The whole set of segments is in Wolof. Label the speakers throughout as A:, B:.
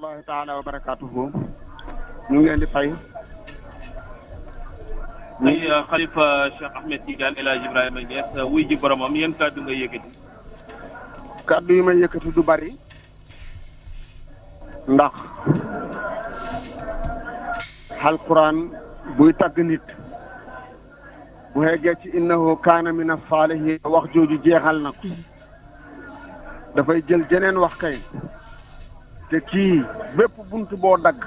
A: الله تعالى وبركاته نو ندي فاي ني خليفه الشيخ احمد تيجان الى جبرائيل من جهه وي جي بروم يم كاد نغا ييكتي كاد يما ييكتي دو باري ndax hal quran buy tag nit bu hege ci innahu kana min salihin wax joju jeexal nako da fay jël jenen wax kay te kii bépp bunt boo dagg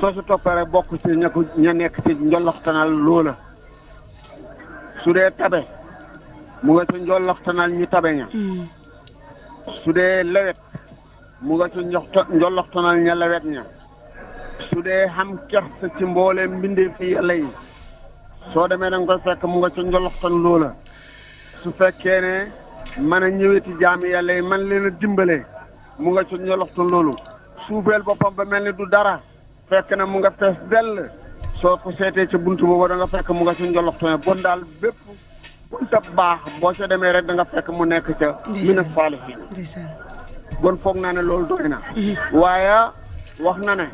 A: soo si toppee bokk ci ña ña nekk ci njoloxtanal loola su dee tabe mu nga ca njoloxtanal ñu tabee ña hmm. su dee lewet mu nga ca njoloxtanal ña lewet ña su dee xam kersa ci mbooleem mbindeef yi yàlla yi soo demee da nga fekk mu nga ca njoloxtan loola su fekkee ne mën a ñëweti jaam yàlla yi man leen a dimbalee mu nga ci ñoloxtu loolu suufeel boppam ba mel ni du dara fekk na mu nga fees dell soo ko seetee ca bunt boobu da nga fekk mu nga ci njoloxtu ne bon daal bépp bunta baax boo ci demee rek danga fekk mu nekk ca mi na faalihin bon foog naa ne loolu doy na mhm. waaye wax na ne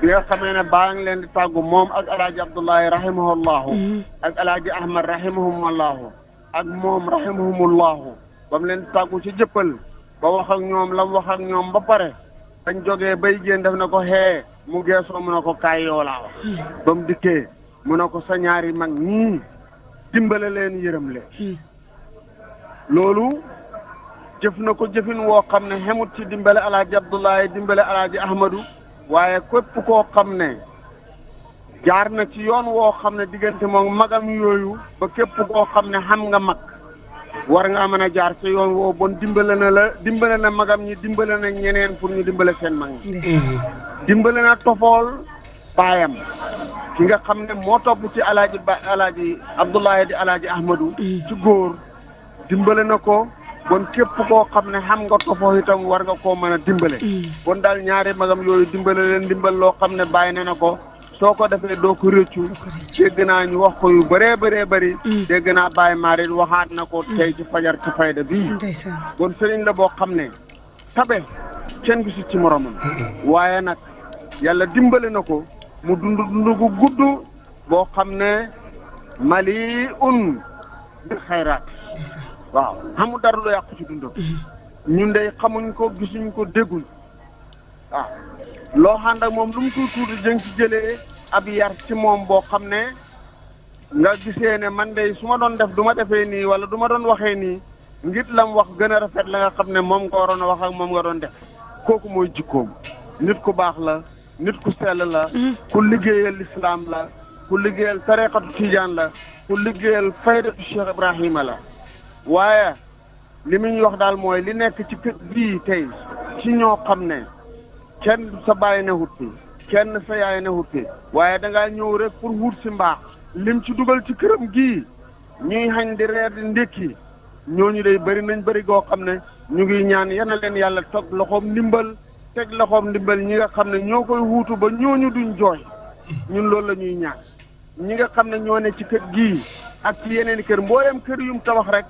A: bi nga xamee ne baa ngi leen di tàggu moom ak alaaji abdullahi rahimahullahu mhm. ak alaaji ahmad rahimahumullahu ak moom rahimahumullahu ba mu leen di tàggu ci jëppal ba wax ak ñoom lam wax ak ñoom ba pare dañ joge bay génn def na ko xee mu geesoo mu ne ko kaay yoo laa wax hmm. ba mu dikkee mu ne ko sa ñaari mag ñii dimbale leen yërëm leen hmm. loolu jëf na ko jëfin woo xam ne xemut ci dimbale alaaji Abdoulaye dimbale alaaji Ahmadu waaye képp koo xam ne jaar na ci yoon woo xam ne diggante moom magam yooyu ba képp koo xam ne xam nga mag war nga mën a jaar ci yoon woo bon dimbale na la dimbale na magam ñi dimbale na ñeneen pour ñu dimbale seen mag ñi mm-hmm. dimbale na tofool baayam ki nga xam ne moo topp ci alaaji ba alaaji Abdoulaye di alaaji Ahmadou mm-hmm. ci góor dimbale na ko bon képp koo xam ne xam nga tofoo itam war nga koo mën a dimbale mm-hmm. bon daal ñaari magam yooyu dimbale leen dimbal loo xam ne bàyyi na na ko soo ko defee doo ko rëccu dégg naa ñu wax ko yu bëree bëree bëri mm. dégg naa Baye Marie waxaat na ko mm. tey ci fajar ci fayda bii kon sëriñ la boo xam ne tabe kenn gisu ci moromam waaye nag yàlla dimbale na ko mu dund dund gu gudd boo xam ne mali un bi xayraat waaw xamu dara lu yàqu ci dundam mm-hmm. ñun de xamuñ ko gisuñ ko dégguñ loo xam ne moom lu mu tuuti tuuti jëng ci jëlee ab yar ci moom boo xam ne nga gisee ne man de su ma doon def du ma defee nii wala duma doon waxee nii ngir lam wax gën a rafet la nga xam ne moom nga waroon a wax ak moom nga doon def kooku mooy jikkoom nit ku baax la nit ku sell la mm-hmm. ku liggéeyal lislaam la ku liggéeyal tariqatu tijaan la ku liggéeyal faydatu Cheikh Ibrahima la waaye li mu wax daal mooy li nekk ci kër bii tey ci ñoo xam ne kenn sa bàyyi ne wut kenn sa yaay newu fi waaye dangaa ñëw rek pour wut si mbaax lim ci dugal ci këram gii ñuy xañ di reer di ndékki ñooñu day bëri nañ bëri goo xam ne ñu ngi ñaan yana leen yàlla toog loxoom ndimbal teg loxoom ndimbal ñi nga xam ne ñoo koy wuutu ba ñooñu duñ jooy ñun loolu la ñuy ñaan ñi nga xam ne ñoo ne ci kër gii ak ci yeneen kër mbooleem kër yum tabax rek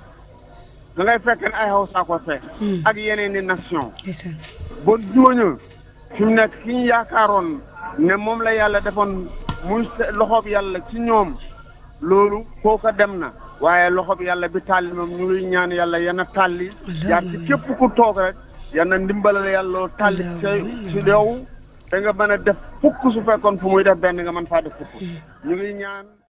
A: da ngay fekk ne ay Hausa hmm. ak yeneen i nation bon ñooñu fi mu nekk ne moom la yàlla defoon muy loxoob yàlla ci ñoom loolu kooka dem na waaye loxoob yàlla bi tàlli moom ñu ngi ñaan yàlla yana tàlli jaar ci képp ku toog rek yana ndimbalal yàlla tàlli ci yow da nga mën a def fukk su fekkoon fu muy def benn nga man faa def fukk ñu ngi ñaan